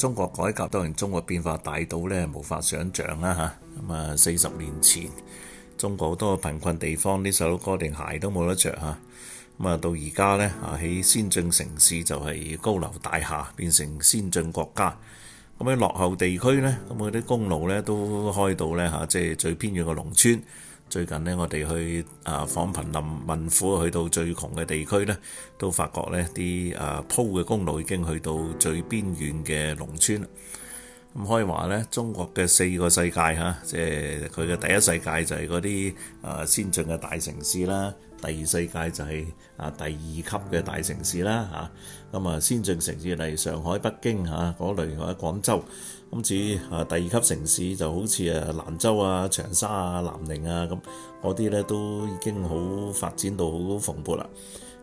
中國改革當然中國變化大到咧，無法想像啦嚇，咁啊四十年前中國好多貧困地方，呢首歌定鞋都冇得着嚇， 咁啊到而家咧，啊喺先進城市就係高樓大廈，變成先進國家，咁喺落後地區咧，咁佢啲公路咧都開到咧嚇，即係最偏遠嘅農村。最近呢，我哋去啊訪貧林民苦，去到最窮嘅地區呢，都發覺呢啲啊鋪嘅公路已經去到最邊遠嘅農村啦。咁可以話呢，中國嘅四個世界嚇，即係佢嘅第一世界就係嗰啲啊先進嘅大城市啦，第二世界就係啊第二級嘅大城市啦嚇。咁啊先進城市例如上海、北京嚇嗰類，或者廣州。咁至於啊，第二級城市就好似啊，蘭州啊、長沙啊、南寧啊，咁嗰啲咧都已經好發展到好蓬勃啦。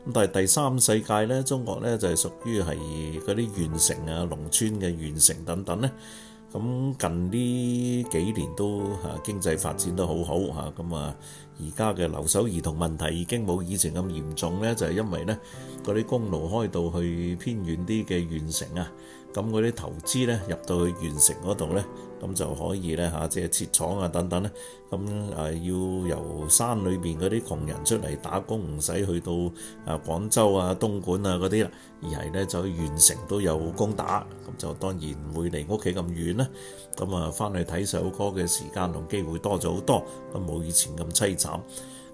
咁但係第三世界咧，中國咧就係屬於係嗰啲縣城啊、農村嘅縣城等等咧。咁近呢幾年都啊經濟發展得好好嚇，咁啊而家嘅留守兒童問題已經冇以前咁嚴重咧，就係、是、因為咧嗰啲公路開到去偏遠啲嘅縣城啊。咁嗰啲投資咧入到去縣城嗰度咧，咁就可以咧嚇、啊，即係設廠啊等等咧，咁啊要由山裏邊嗰啲窮人出嚟打工，唔使去到啊廣州啊、東莞啊嗰啲啦，而係咧就去縣城都有工打，咁就當然唔會離屋企咁遠啦。咁啊翻去睇首歌嘅時間同機會多咗好多，都、啊、冇以前咁凄慘。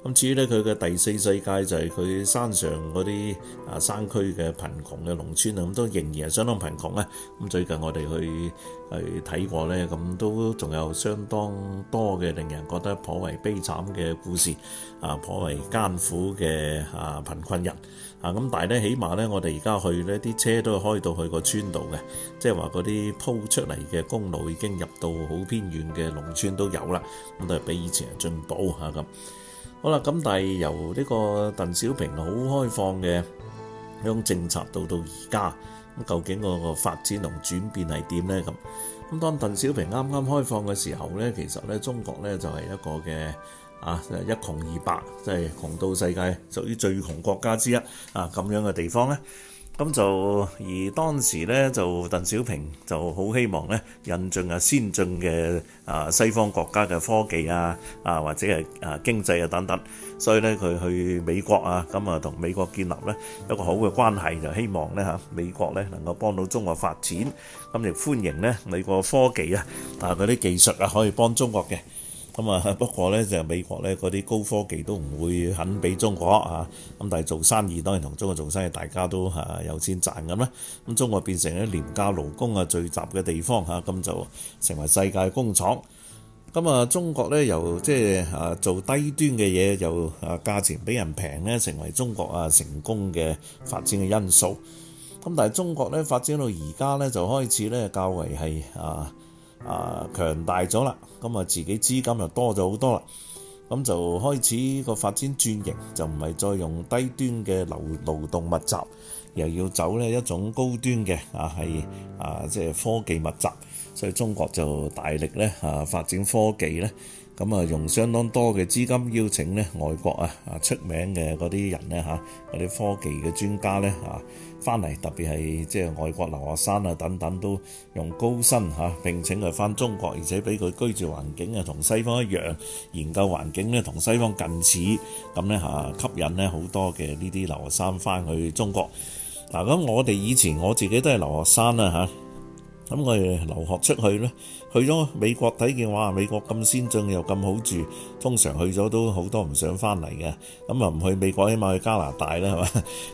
咁至於咧，佢嘅第四世界就係佢山上嗰啲啊山區嘅貧窮嘅農村啊，咁都仍然係相當貧窮啊。咁最近我哋去去睇過咧，咁都仲有相當多嘅令人覺得頗為悲慘嘅故事啊，頗為艱苦嘅啊貧困人啊。咁但係咧，起碼咧，我哋而家去咧啲車都係開到去個村度嘅，即係話嗰啲鋪出嚟嘅公路已經入到好偏遠嘅農村都有啦。咁都係比以前人進步嚇咁。好啦，咁但係由呢個鄧小平好開放嘅呢種政策到到而家，咁究竟嗰個發展同轉變係點咧？咁咁當鄧小平啱啱開放嘅時候咧，其實咧中國咧就係一個嘅啊一窮二白，即係窮到世界屬於最窮國家之一啊咁樣嘅地方咧。咁就而當時咧，就鄧小平就好希望咧引進啊先進嘅啊西方國家嘅科技啊啊或者係啊經濟啊等等，所以咧佢去美國啊，咁啊同美國建立咧一個好嘅關係，就希望咧嚇美國咧能夠幫到中國發展，咁亦歡迎咧美國科技啊啊嗰啲技術啊可以幫中國嘅。咁啊、嗯，不過呢，就美國呢嗰啲高科技都唔會肯俾中國啊，咁但係做生意當然同中國做生意，大家都吓、啊、有錢賺咁咧。咁、啊、中國變成啲廉價勞工啊聚集嘅地方吓，咁、啊、就成為世界工廠。咁啊，中國呢，由即係吓、啊、做低端嘅嘢，又啊價錢比人平咧，成為中國啊成功嘅發展嘅因素。咁、啊、但係中國呢，發展到而家呢，就開始呢較為係啊～啊，強大咗啦，咁啊自己資金又多咗好多啦，咁就開始個發展轉型，就唔係再用低端嘅勞勞動密集，又要走呢一種高端嘅啊，係啊，即係科技密集，所以中國就大力咧啊，發展科技咧。咁啊，用相當多嘅資金邀請呢外國啊啊出名嘅嗰啲人呢，吓，嗰啲科技嘅專家呢，吓，返嚟特別係即係外國留學生啊等等，都用高薪吓聘請佢返中國，而且俾佢居住環境啊同西方一樣，研究環境呢，同西方近似，咁呢，吓，吸引呢好多嘅呢啲留學生返去中國。嗱咁我哋以前我自己都係留學生啊，吓，咁我哋留學出去呢。去咗美國睇見，哇！美國咁先進又咁好住，通常去咗都好多唔想翻嚟嘅。咁啊唔去美國，起碼去加拿大啦，係嘛？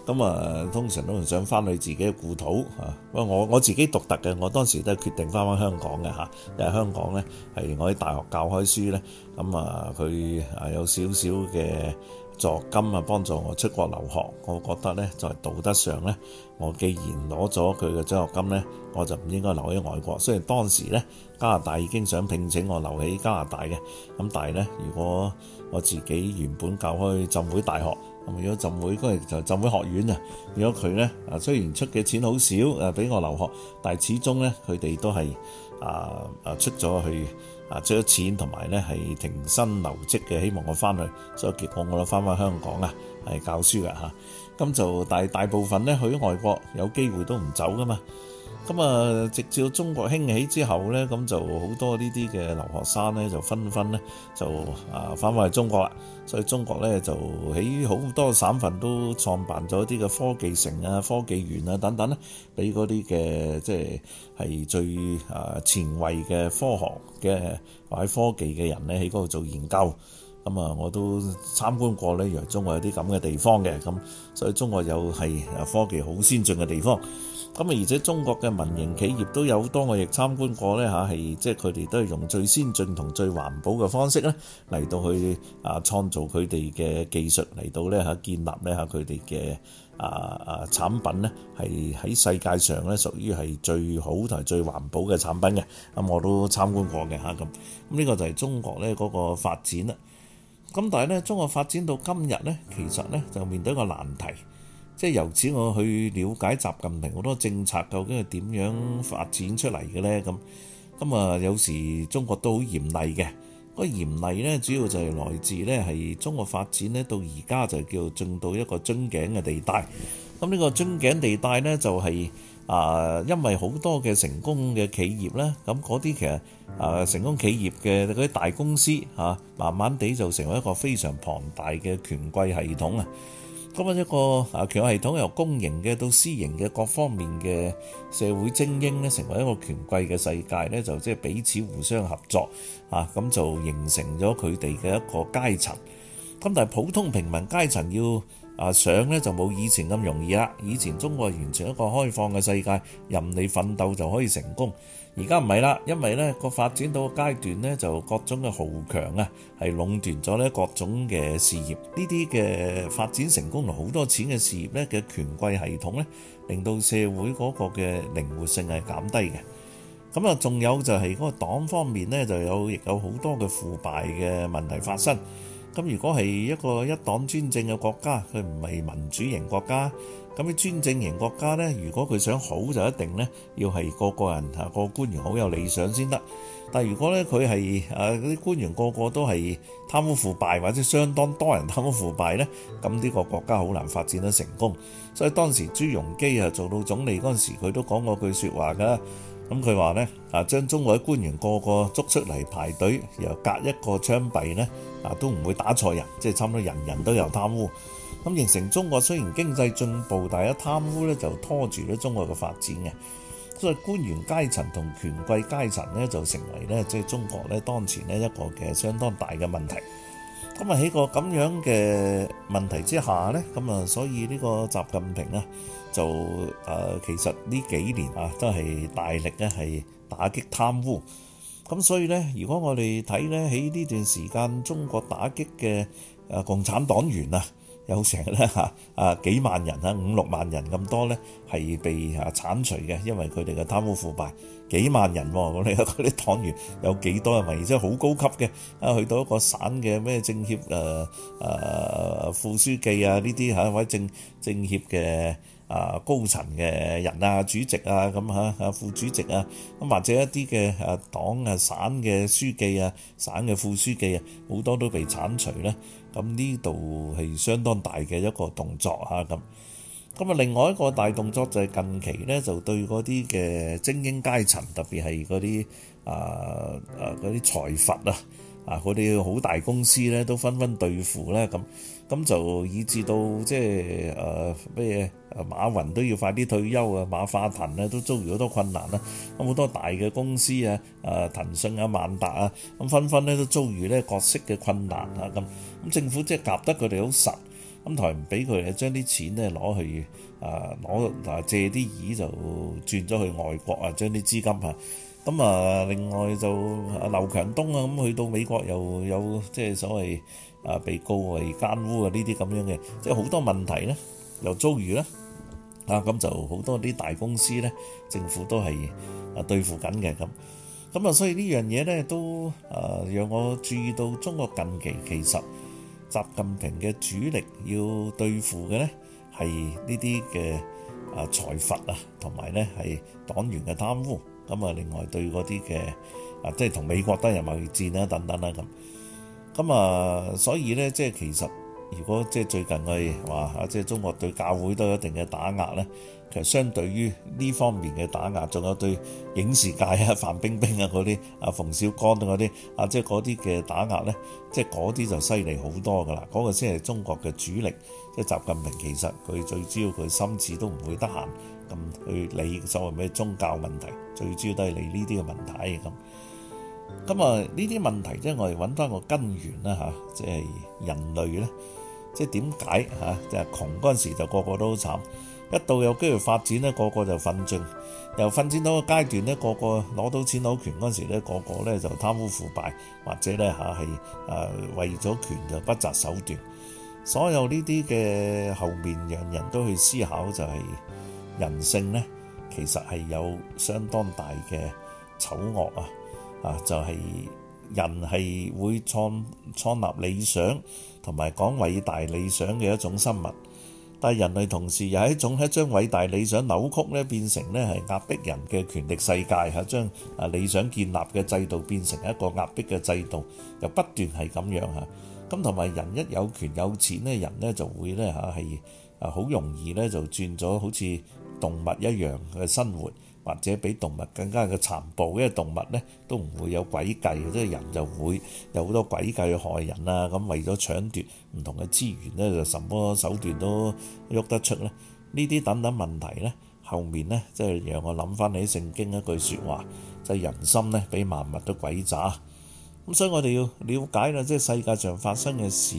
咁啊通常都唔想翻去自己嘅故土嚇。不、啊、我我自己獨特嘅，我當時都係決定翻返香港嘅嚇、啊。因為香港咧係我喺大學教開書咧，咁啊佢啊有少少嘅助學金啊幫助我出國留學。我覺得咧在、就係、道德上咧，我既然攞咗佢嘅獎學金咧，我就唔應該留喺外國。雖然當時咧，加拿大已經想聘請我留喺加拿大嘅，咁但係咧，如果我自己原本教開浸會大學，咁如果浸會嗰陣就是、浸會學院啊，如果佢咧啊，雖然出嘅錢好少，啊俾我留學，但係始終咧佢哋都係啊出啊出咗去啊出咗錢，同埋咧係停薪留職嘅，希望我翻去，所以結果我都翻翻香港啊，係教書㗎吓，咁就大大部分咧去外國有機會都唔走噶嘛。咁啊！直至中國興起之後呢，咁就好多呢啲嘅留學生呢，就紛紛呢，就啊返返去中國啦。所以中國呢，就喺好多省份都創辦咗啲嘅科技城啊、科技園啊等等，呢俾嗰啲嘅即係係最啊前衞嘅科學嘅或者科技嘅人呢，喺嗰度做研究。咁啊，我都參觀過呢，原來中國有啲咁嘅地方嘅，咁所以中國又係科技好先進嘅地方。咁啊！而且中國嘅民營企業都有好多，咁我亦參觀過咧嚇，係即係佢哋都係用最先進同最環保嘅方式咧嚟到去啊創造佢哋嘅技術，嚟到咧嚇建立咧嚇佢哋嘅啊啊產品咧，係喺世界上咧屬於係最好同最環保嘅產品嘅，咁我都參觀過嘅嚇咁。咁、咁、呢個就係中國咧嗰個發展啦。咁但係咧，中國發展到今日咧，其實咧就面對一個難題。即係由此我去了解習近平好多政策究竟係點樣發展出嚟嘅咧？咁咁啊，有時中國都好嚴厲嘅。嗰嚴厲咧，主要就係來自咧係中國發展咧到而家就叫做進到一個樽頸嘅地帶。咁呢個樽頸地帶咧就係啊，因為好多嘅成功嘅企業咧，咁嗰啲其實啊成功企業嘅嗰啲大公司啊，慢慢地就成為一個非常龐大嘅權貴系統啊。咁啊一個啊，權威系統，由公營嘅到私營嘅各方面嘅社會精英咧，成為一個權貴嘅世界咧，就即係彼此互相合作啊，咁就形成咗佢哋嘅一個階層。咁但係普通平民階層要啊上呢，就冇以前咁容易啦。以前中國係完全一個開放嘅世界，任你奮鬥就可以成功。而家唔係啦，因為呢個發展到個階段呢，就各種嘅豪強啊係壟斷咗呢各種嘅事業呢啲嘅發展成功嚟好多錢嘅事業呢嘅權貴系統呢，令到社會嗰個嘅靈活性係減低嘅。咁啊，仲有就係嗰個黨方面呢，就有亦有好多嘅腐敗嘅問題發生。咁如果係一個一黨專政嘅國家，佢唔係民主型國家，咁啲專政型國家咧，如果佢想好就一定咧，要係個個人啊個官員好有理想先得。但係如果咧佢係啊嗰啲官員個個都係貪污腐敗，或者相當多人貪污腐敗咧，咁呢個國家好難發展得成功。所以當時朱鎔基啊做到總理嗰陣時，佢都講過句説話㗎。咁佢話咧啊，將中國官員個個捉出嚟排隊，又隔一個槍斃咧。啊，都唔會打錯人，即係差唔多人人都有貪污，咁形成中國雖然經濟進步，但係貪污咧就拖住咧中國嘅發展嘅。所以官員階層同權貴階層咧就成為咧即係中國咧當前呢一個嘅相當大嘅問題。咁啊喺個咁樣嘅問題之下咧，咁啊所以呢個習近平呢，就、呃、誒其實呢幾年啊都係大力咧係打擊貪污。咁所以呢，如果我哋睇呢，喺呢段時間中國打擊嘅誒共產黨員啊，有成呢吓啊幾萬人啊，五六萬人咁多呢，係被啊剷除嘅，因為佢哋嘅貪污腐敗。幾萬人喎，我哋嗰啲黨員有幾多人？而且好高級嘅啊，去到一個省嘅咩政協誒誒副書記啊，呢啲嚇位政政協嘅啊高層嘅人啊，主席啊咁嚇啊副主席啊，咁或者一啲嘅啊黨啊省嘅書記啊，省嘅副書記啊，好多都被剷除咧。咁呢度係相當大嘅一個動作嚇咁。咁啊，另外一個大動作就係近期咧，就對嗰啲嘅精英階層，特別係嗰啲啊啊啲財閥啊啊，佢哋好大公司咧，都紛紛對付咧，咁咁就以致到即係誒咩誒馬雲都要快啲退休啊，馬化騰咧都遭遇好多困難啦，咁、啊、好多大嘅公司啊，誒騰訊啊、萬達啊，咁紛紛咧都遭遇咧各式嘅困難啊，咁咁政府即係夾得佢哋好實。咁台唔俾佢啊，將啲錢咧攞去啊攞嗱借啲耳就轉咗去外國啊，將啲資金啊，咁啊另外就啊劉強東啊咁去到美國又有即係所謂啊被告為奸污啊呢啲咁樣嘅，即係好多問題咧又遭遇啦，啊咁就好多啲大公司咧政府都係啊對付緊嘅咁，咁啊所以呢樣嘢咧都啊讓我注意到中國近期，其實。習近平嘅主力要對付嘅咧係呢啲嘅啊財閥啊，同埋咧係黨員嘅貪污。咁啊，另外對嗰啲嘅啊，即係同美國等人貿易戰啦，等等啦咁。咁啊，所以咧即係其實。如果即係最近我哋話吓，即係中國對教會都有一定嘅打壓咧。其實相對於呢方面嘅打壓，仲有對影視界啊、范冰冰啊嗰啲、阿馮小剛啊嗰啲、阿即係嗰啲嘅打壓咧，即係嗰啲就犀利好多噶啦。嗰個先係中國嘅主力，即係習近平。其實佢最主要佢心智都唔會得閒咁去理所謂咩宗教問題，最主要都係理呢啲嘅問題咁。咁啊，呢啲問題即係我哋揾翻個根源啦吓，即係人類咧。即係點解嚇？就、啊、係窮嗰陣時就個個都好慘，一到有機會發展咧，個個就奮進，又奮進到個階段咧，個個攞到錢攞權嗰陣時咧，個個呢就貪污腐敗，或者咧嚇係誒為咗權就不擇手段。所有呢啲嘅後面，讓人都去思考就係人性呢，其實係有相當大嘅醜惡啊！啊，就係、是。人係會創創立理想，同埋講偉大理想嘅一種生物，但係人類同時又係一種喺將偉大理想扭曲咧變成咧係壓迫人嘅權力世界嚇，將啊理想建立嘅制度變成一個壓迫嘅制度，又不斷係咁樣嚇。咁同埋人一有權有錢咧，人咧就會咧嚇係啊好容易咧就轉咗好似動物一樣嘅生活。或者比動物更加嘅殘暴，因為動物呢都唔會有詭計，即係人就會有好多詭計去害人啊！咁為咗搶奪唔同嘅資源呢，就什麼手段都喐得出呢？呢啲等等問題呢，後面呢，即係讓我諗翻起聖經一句説話，就係人心呢比萬物都詭詐。咁所以我哋要了解啦，即係世界上發生嘅事。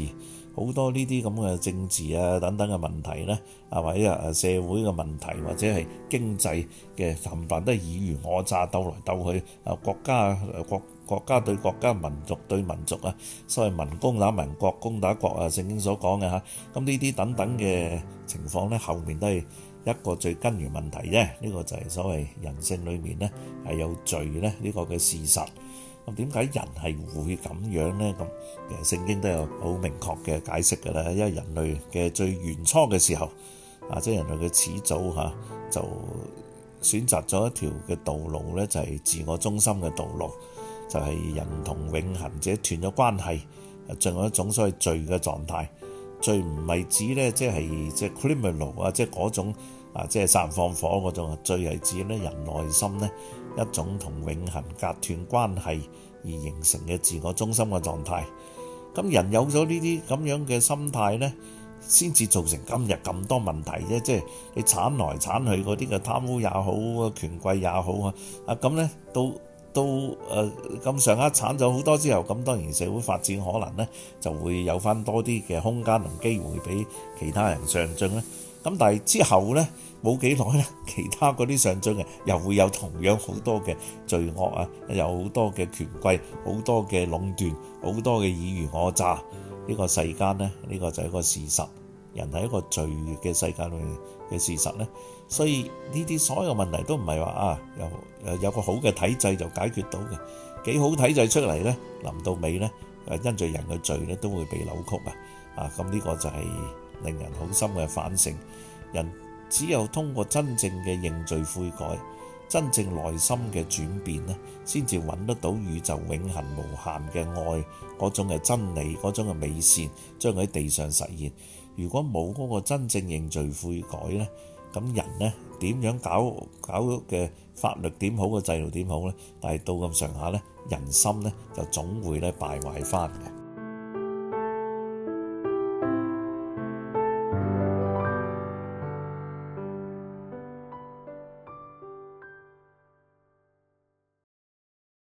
好多呢啲咁嘅政治啊等等嘅問題咧，啊或者啊社會嘅問題，或者係經濟嘅，冚唪唥都係爾虞我詐，鬥來鬥去啊，國家啊國國家對國家，民族對民族啊，所謂民攻打民，國攻打國啊，聖經所講嘅吓。咁呢啲等等嘅情況咧，後面都係一個最根源問題啫。呢個就係所謂人性裏面咧係有罪咧呢個嘅事實。咁點解人係會咁樣咧？咁其實聖經都有好明確嘅解釋嘅啦。因為人類嘅最原初嘅時候，啊，即係人類嘅始祖嚇，就選擇咗一條嘅道路咧，就係自我中心嘅道路，就係人同永恆者斷咗關係，進入一種所謂罪嘅狀態。罪唔係指咧，即係即 criminal 啊，即係嗰種啊，即係殺人放火嗰種罪，係指咧人內心咧。一種同永恆隔斷關係而形成嘅自我中心嘅狀態，咁人有咗呢啲咁樣嘅心態咧，先至造成今日咁多問題啫。即係你鏟來鏟去嗰啲嘅貪污也好，權貴也好啊，啊咁咧，都都誒咁上下鏟咗好多之後，咁當然社會發展可能咧就會有翻多啲嘅空間同機會俾其他人上進咧。咁但係之後呢，冇幾耐咧，其他嗰啲上進嘅又會有同樣好多嘅罪惡啊，有好多嘅權貴，好多嘅壟斷，好多嘅爾虞我詐。呢個世間呢，呢個就係一個事實。人喺一個罪嘅世界裏面嘅事實呢，所以呢啲所有問題都唔係話啊，由有，有個好嘅體制就解決到嘅。幾好體制出嚟呢，臨到尾呢，誒因罪人嘅罪咧都會被扭曲啊！啊咁呢個就係。令人好深嘅反省，人只有通過真正嘅認罪悔改，真正內心嘅轉變咧，先至揾得到宇宙永恒無限嘅愛嗰種嘅真理，嗰種嘅美善，將佢喺地上實現。如果冇嗰個真正認罪悔改咧，咁人咧點樣搞搞嘅法律點好，個制度點好咧？但係到咁上下咧，人心咧就總會咧敗壞翻嘅。